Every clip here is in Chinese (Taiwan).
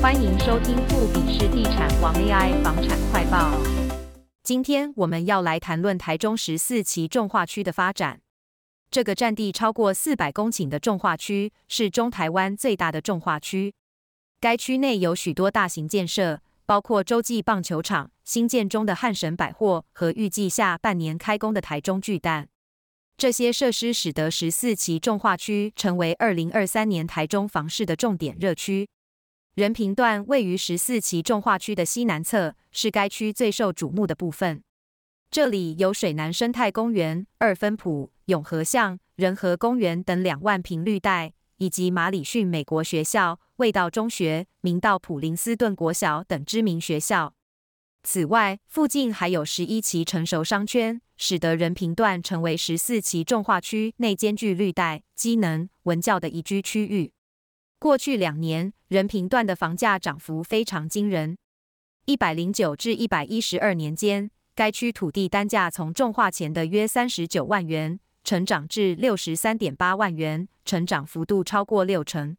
歡迎收聽富比士地產王 AI 房產快報。今天我們要來談論台中十四期重劃區的發展。這個占地超過四百公頃的重劃區是中台灣最大的重劃區。該區內有許多大型建設，包括洲際棒球場、新建中的漢神百貨和預計下半年開工的台中巨蛋。這些設施使得十四期重劃區成為二零二三年台中房市的重點熱區。仁平段位於十四期重劃區的西南側，是該區最受矚目的部分。這裡有水南生態公園、二分埔永和巷仁和公園等兩萬坪綠帶，以及馬里遜美國學校、衛道中學、明道普林斯頓國小等知名學校。此外，附近還有十一期成熟商圈，使得仁平段成為十四期重劃區內兼具綠帶、機能、文教的宜居區域。過去兩年，仁平段的房價漲幅非常驚人。一百零九至一百一十二年間，該區土地單價從重劃前的約三十九萬元，成長至六十三點八萬元，成長幅度超過六成。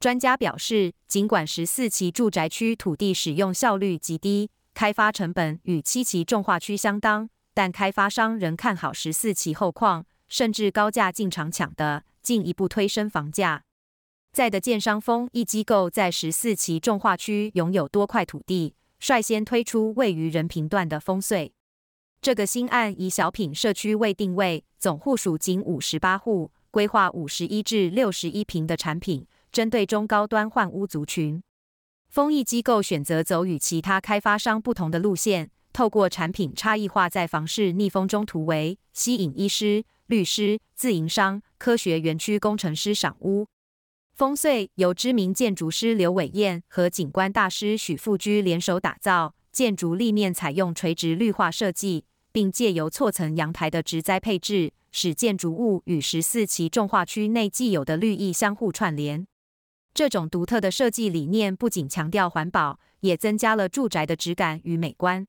專家表示，儘管十四期住宅區土地使用效率極低，開發成本與七期重劃區相當，但開發商仍看好十四期後況，甚至高價進場搶地，進一步推升房價。在的建商豐邑機構在十四期重劃區擁有多塊土地，率先推出位於仁平段的豐穗。這個新案以小品社區為定位，總戶數僅五十八戶，規劃五十一至六十一坪的產品，針對中高端換屋族群。豐邑機構選擇走與其他開發商不同的路線，透過產品差異化，在房市逆風中突圍，吸引醫師、律師、自營商、科學園區工程師賞屋。豐穗由知名建築師劉偉燕和景觀大師許富居聯手打造，建築立面採用垂直綠化設計，並借由錯層陽台的植栽配置，使建築物與十四期重劃區內既有的綠意相互串聯。這種獨特的設計理念不僅強調環保，也增加了住宅的質感與美觀。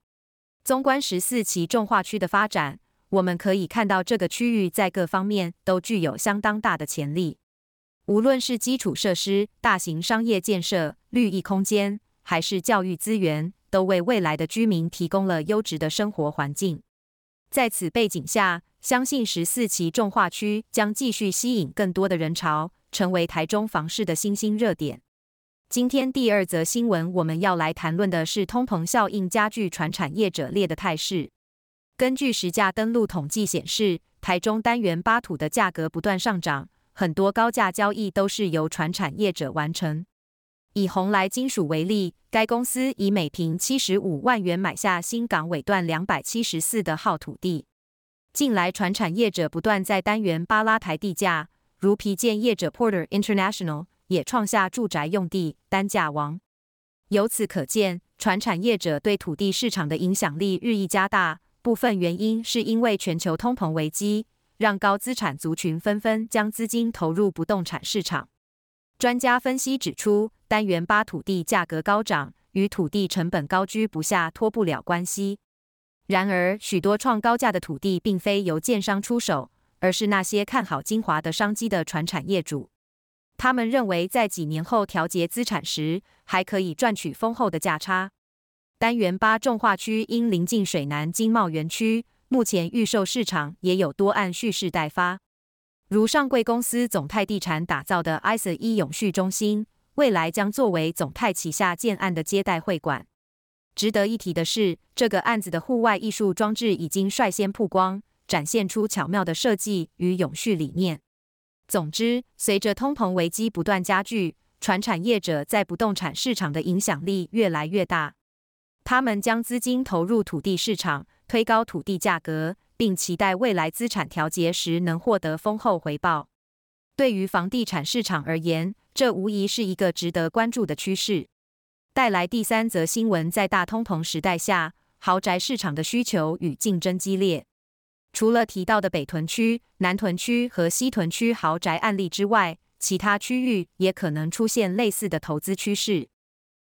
縱觀十四期重劃區的發展，我們可以看到這個區域在各方面都具有相當大的潛力。無論是基礎設施、大型商業建設、綠意空間、還是教育資源，都為未來的居民提供了優質的生活環境。在此背景下，相信十四期重劃區將繼續吸引更多的人潮，成為台中房市的新興熱點。今天第二則新聞，我們要來談論的是通膨效應加劇，傳產業者獵地的態勢。根據實價登錄統計顯示，台中單元八土的價格不斷上漲。很多高價交易都是由傳產業者完成。以紅來金屬為例，該公司以每坪七十五萬元買下新港尾段兩百七十四地號土地。近來，傳產業者不斷在單元八拉抬地價，如皮件業者 Porter International 也創下住宅用地單價王。由此可見，傳產業者對土地市場的影響力日益加大。部分原因是因為全球通膨危機。讓高資產族群紛紛將資金投入不動產市場。專家分析指出，單元八土地價格高漲，與土地成本高居不下脫不了關係。然而，許多創高價的土地並非由建商出手，而是那些看好精華的商機的傳產業主。他們認為，在幾年後調節資產時，還可以賺取豐厚的價差。單元八重劃區因臨近水湳經貿園區。目前預售市場也有多案蓄勢待發，如上櫃公司總泰地產打造的 ICE 永續中心，未來將作為總泰旗下建案的接待會館。值得一提的是，這個案子的戶外藝術裝置已經率先曝光，展現出巧妙的設計與永續理念。總之，隨着通膨危機不斷加劇，傳產業者在不動產市場的影響力越來越大，他們將資金投入土地市場。推高土地價格，並期待未來資產調節時能獲得豐厚回報。對於房地產市場而言，這無疑是一個值得關注的趨勢。帶來第三則新聞，在大通膨時代下，豪宅市場的需求與競爭激烈。除了提到的北屯區、南屯區和西屯區豪宅案例之外，其他區域也可能出現類似的投資趨勢。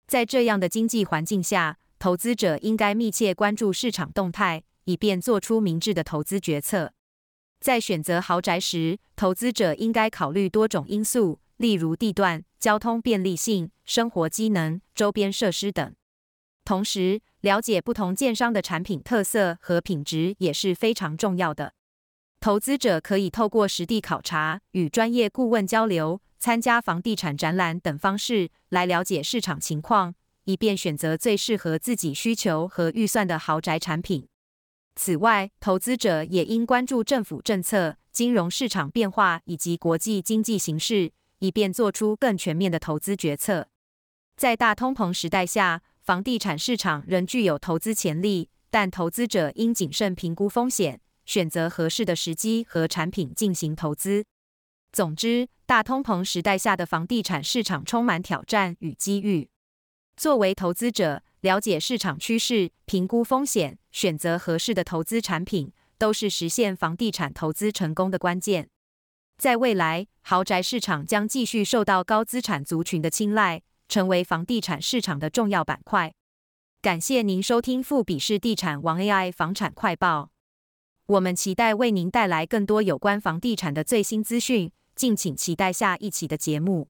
在這樣的經濟環境下，投資者應該密切關注市場動態，以便做出明智的投資決策。在選擇豪宅時，投資者應該考慮多種因素，例如地段、交通便利性、生活機能、周邊設施等。同時，了解不同建商的產品特色和品質也是非常重要的。投資者可以透過實地考察、與專業顧問交流、參加房地產展覽等方式來了解市場情況。以便選擇最適合自己需求和預算的豪宅產品。此外，投資者也應關注政府政策、金融市場變化以及國際經濟形勢，以便做出更全面的投資決策。在大通膨時代下，房地產市場仍具有投資潛力，但投資者應謹慎評估風險，選擇合適的時機和產品進行投資。總之，大通膨時代下的房地產市場充滿挑戰與機遇。作為投資者，了解市場趨勢、評估風險、選擇合適的投資產品，都是實現房地產投資成功的關鍵。在未來，豪宅市場將繼續受到高資產族群的青睞，成為房地產市場的重要板塊。感謝您收聽富比士地產王 AI 房產快報。我們期待為您帶來更多有關房地產的最新資訊，敬請期待下一期的節目。